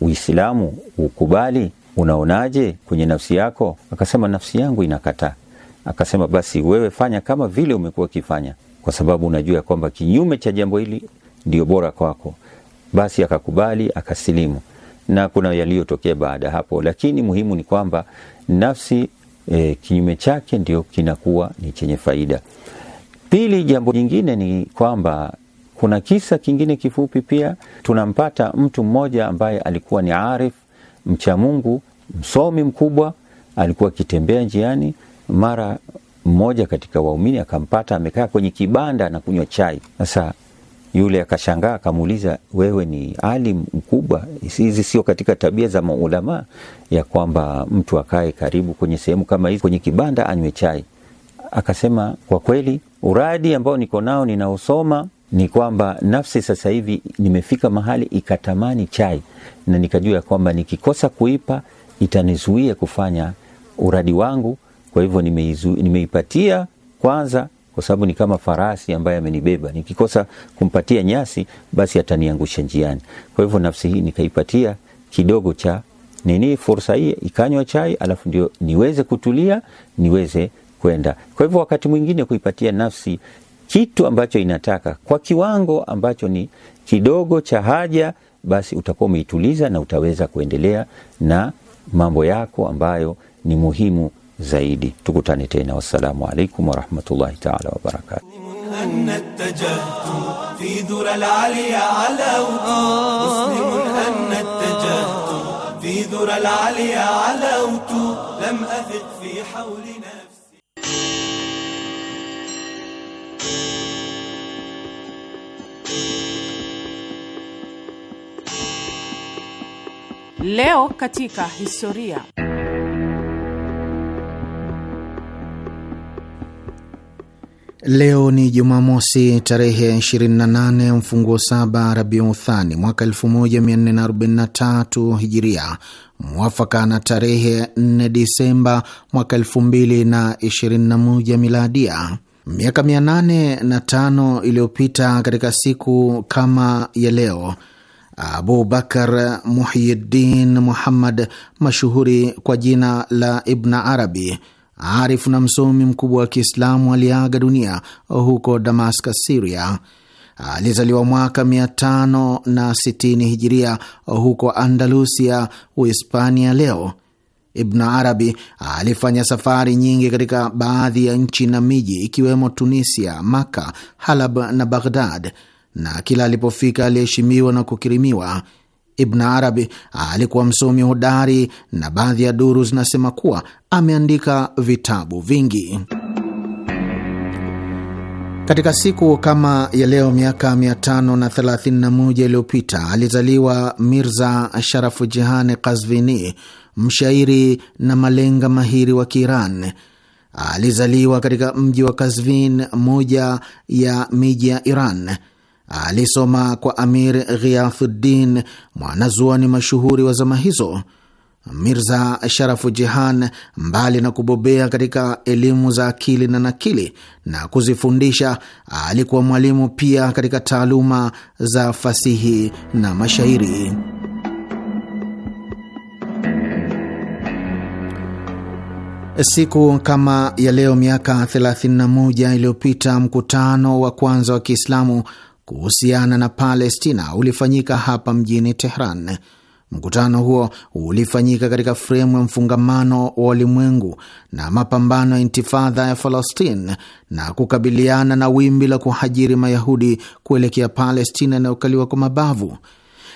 Uislamu ukubali, unaonaje kwenye nafsi yako? Akasema nafsi yangu inakataa. Akasema basi wewe fanya kama vile umekuwa ukifanya, kwa sababu unajua ya kwamba kinyume cha jambo hili ndio bora kwako. Basi akakubali akasilimu, na kuna yaliyotokea baada hapo, lakini muhimu ni kwamba nafsi e, kinyume chake ndio kinakuwa ni chenye faida. Pili, jambo jingine ni kwamba kuna kisa kingine kifupi pia, tunampata mtu mmoja ambaye alikuwa ni arif mcha Mungu, msomi mkubwa. Alikuwa akitembea njiani, mara mmoja katika waumini akampata amekaa kwenye kibanda na kunywa chai. Sasa yule akashangaa, akamuuliza, wewe ni alim mkubwa, hizi sio katika tabia za maulama ya kwamba mtu akae karibu kwenye sehemu kama hizi, kwenye kibanda anywe chai. Akasema, kwa kweli uradi ambao niko nao ninaosoma ni kwamba nafsi sasa hivi nimefika mahali ikatamani chai, na nikajua ya kwamba nikikosa kuipa itanizuia kufanya uradi wangu. Kwa hivyo nimeipatia nime kwanza, kwa sababu ni kama farasi ambaye amenibeba. Nikikosa kumpatia nyasi, basi ataniangusha njiani. Kwa hivyo nafsi hii nikaipatia kidogo cha nini, fursa hii ikanywa chai, alafu ndio niweze kutulia, niweze kwenda. Kwa hivyo wakati mwingine kuipatia nafsi kitu ambacho inataka kwa kiwango ambacho ni kidogo cha haja, basi utakuwa umeituliza na utaweza kuendelea na mambo yako ambayo ni muhimu zaidi. Tukutane tena, wassalamu alaikum warahmatullahi taala wabarakatuh. Leo katika historia. Leo ni Jumamosi tarehe 28 mfunguo saba Rabiu Thani mwaka 1443 Hijiria, mwafaka na tarehe 4 Disemba mwaka 2021 Miladia. Miaka 805 iliyopita katika siku kama ya leo Abubakar Muhyiddin Muhammad, mashuhuri kwa jina la Ibn Arabi, arifu na msomi mkubwa wa Kiislamu, aliaga dunia huko Damascus, Siria. Alizaliwa mwaka 560 hijiria huko Andalusia, Uhispania leo. Ibn Arabi alifanya safari nyingi katika baadhi ya nchi na miji ikiwemo Tunisia, Maka, Halab na Baghdad na kila alipofika aliheshimiwa na kukirimiwa. Ibn Arabi alikuwa msomi hodari na baadhi ya duru zinasema kuwa ameandika vitabu vingi. Katika siku kama ya leo miaka 531 iliyopita alizaliwa Mirza Sharafu Jihani Kazvini, mshairi na malenga mahiri wa Kiiran. Alizaliwa katika mji wa Kazvin, moja ya miji ya Iran alisoma kwa Amir Ghiathuddin, mwanazuoni mashuhuri wa zama hizo. Mirza Sharafu Jihan, mbali na kubobea katika elimu za akili na nakili na kuzifundisha, alikuwa mwalimu pia katika taaluma za fasihi na mashairi. Siku kama ya leo miaka 31 iliyopita, mkutano wa kwanza wa Kiislamu kuhusiana na Palestina ulifanyika hapa mjini Tehran. Mkutano huo ulifanyika katika fremu ya mfungamano wa ulimwengu na mapambano ya intifadha ya Falastin na kukabiliana na wimbi la kuhajiri Mayahudi kuelekea Palestina inayokaliwa kwa mabavu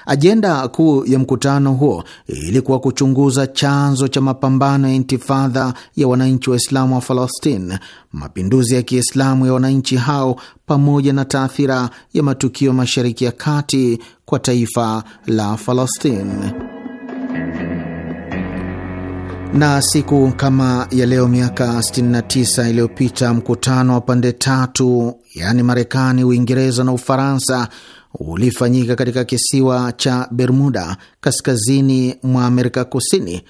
Ajenda kuu ya mkutano huo ilikuwa kuchunguza chanzo cha mapambano ya intifadha ya wananchi wa islamu wa Falastin, mapinduzi ya Kiislamu ya wananchi hao, pamoja na taathira ya matukio Mashariki ya Kati kwa taifa la Falastin. na siku kama ya leo miaka 69 iliyopita mkutano wa pande tatu yaani Marekani, Uingereza na Ufaransa ulifanyika katika kisiwa cha Bermuda kaskazini mwa Amerika Kusini.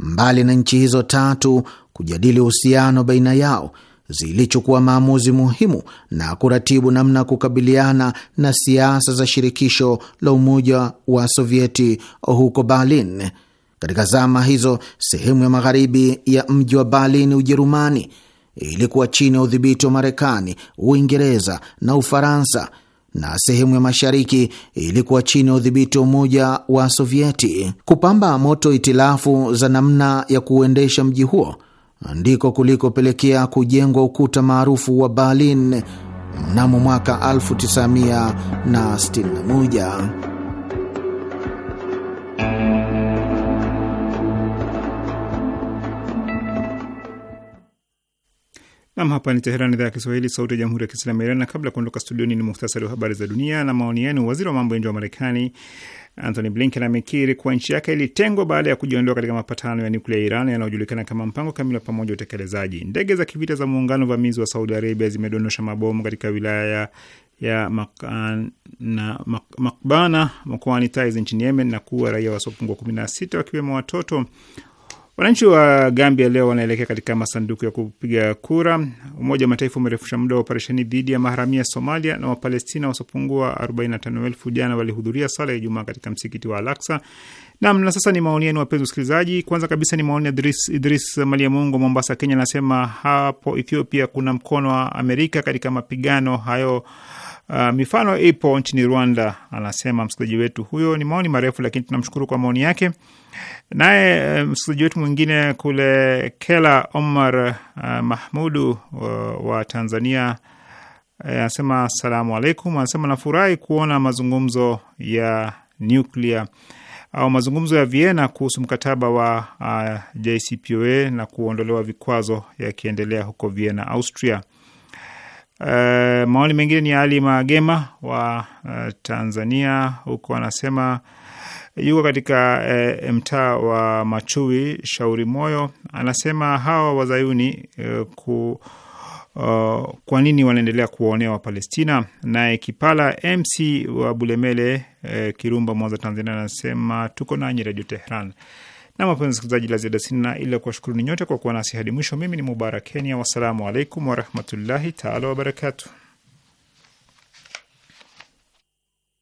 Mbali na nchi hizo tatu kujadili uhusiano baina yao, zilichukua maamuzi muhimu na kuratibu namna ya kukabiliana na siasa za shirikisho la Umoja wa Sovieti huko Berlin. Katika zama hizo, sehemu ya magharibi ya mji wa Berlin, Ujerumani, ilikuwa chini ya udhibiti wa Marekani, Uingereza na Ufaransa na sehemu ya mashariki ilikuwa chini ya udhibiti wa Umoja wa Sovieti. Kupamba moto itilafu za namna ya kuuendesha mji huo ndiko kulikopelekea kujengwa ukuta maarufu wa Berlin mnamo mwaka 1961. Nam, hapa ni Teheran, idhaa ya Kiswahili, sauti ya jamhuri ya kiislamu ya Iran. Na kabla ya kuondoka studioni, ni muhtasari wa habari za dunia na maoni yenu. Waziri wa mambo ya nje wa Marekani Antony Blinken amekiri kuwa nchi yake ilitengwa baada ya kujiondoa katika mapatano ya nuklia ya Iran yanayojulikana kama mpango kamili wa pamoja wa utekelezaji. Ndege za kivita za muungano vamizi wa Saudi Arabia zimedondosha mabomu katika wilaya ya Makana, Mak, Makbana mkoani Taiz nchini Yemen na kuwa raia wasiopungua 16 wakiwemo watoto Wananchi wa Gambia leo wanaelekea katika masanduku ya kupiga kura. Umoja wa Mataifa umerefusha muda wa operesheni dhidi ya maharamia Somalia, na Wapalestina wasiopungua 45,000 jana walihudhuria sala ya Ijumaa katika msikiti wa Alaksa. aqsa Naam, na sasa ni maoni yenu wapenzi wasikilizaji. Kwanza kabisa ni maoni ya Idris, Idris Maliamungu wa Mombasa, Kenya, anasema hapo Ethiopia kuna mkono wa Amerika katika mapigano hayo. Uh, mifano ipo nchini Rwanda, anasema msikilizaji wetu huyo. Ni maoni marefu, lakini tunamshukuru kwa maoni yake. Naye eh, msikilizaji wetu mwingine kule Kela, Omar uh, Mahmudu uh, wa Tanzania eh, anasema uh, asalamu alaikum. Anasema nafurahi kuona mazungumzo ya nuklia au mazungumzo ya Vienna kuhusu mkataba wa uh, JCPOA na kuondolewa vikwazo yakiendelea huko Vienna, Austria. Uh, maoni mengine ni Ali Magema wa uh, Tanzania huko anasema yuko katika e, mtaa wa Machui Shauri Moyo, anasema hawa wazayuni e, ku Uh, kwa nini wanaendelea kuwaonea Wapalestina? Naye Kipala MC wa Bulemele eh, Kirumba, Mwanza, Tanzania anasema tuko nanyi Redio Tehran. Na wapenzi wasikilizaji, la ziada sina ila kuwashukuruni nyote kwa kuwa nasi hadi mwisho. Mimi ni Mubarak Kenya, wassalamu alaikum warahmatullahi taala wabarakatuh.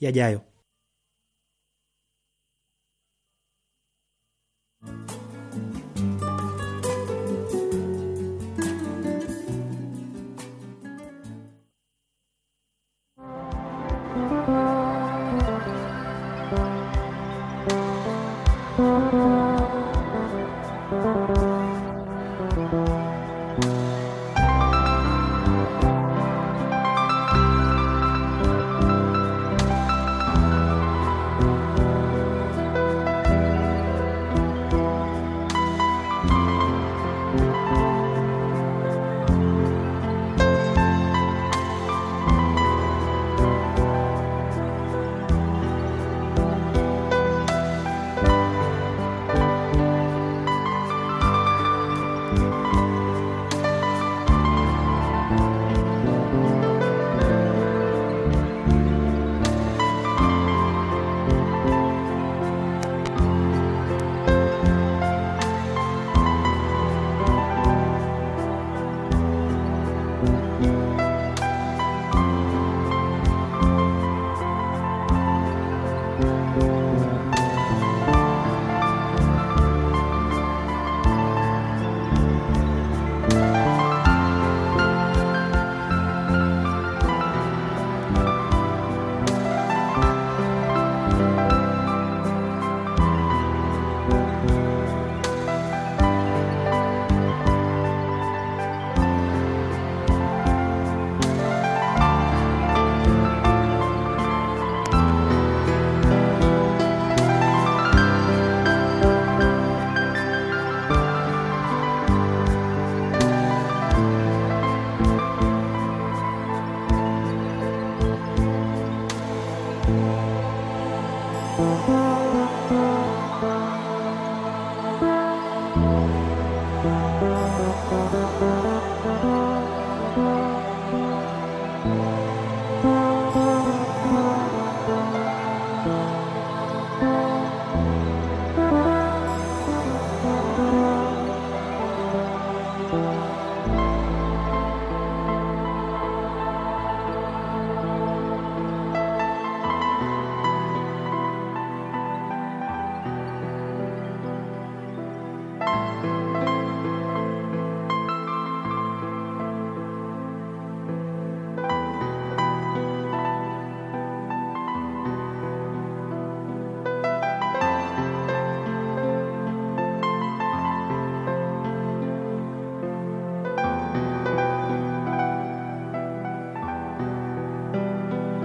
yajayo.